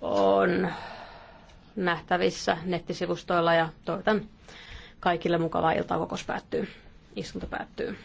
on nähtävissä nettisivustoilla ja toivotan kaikille mukavaa iltaa, kokous päättyy. Istunto päättyy.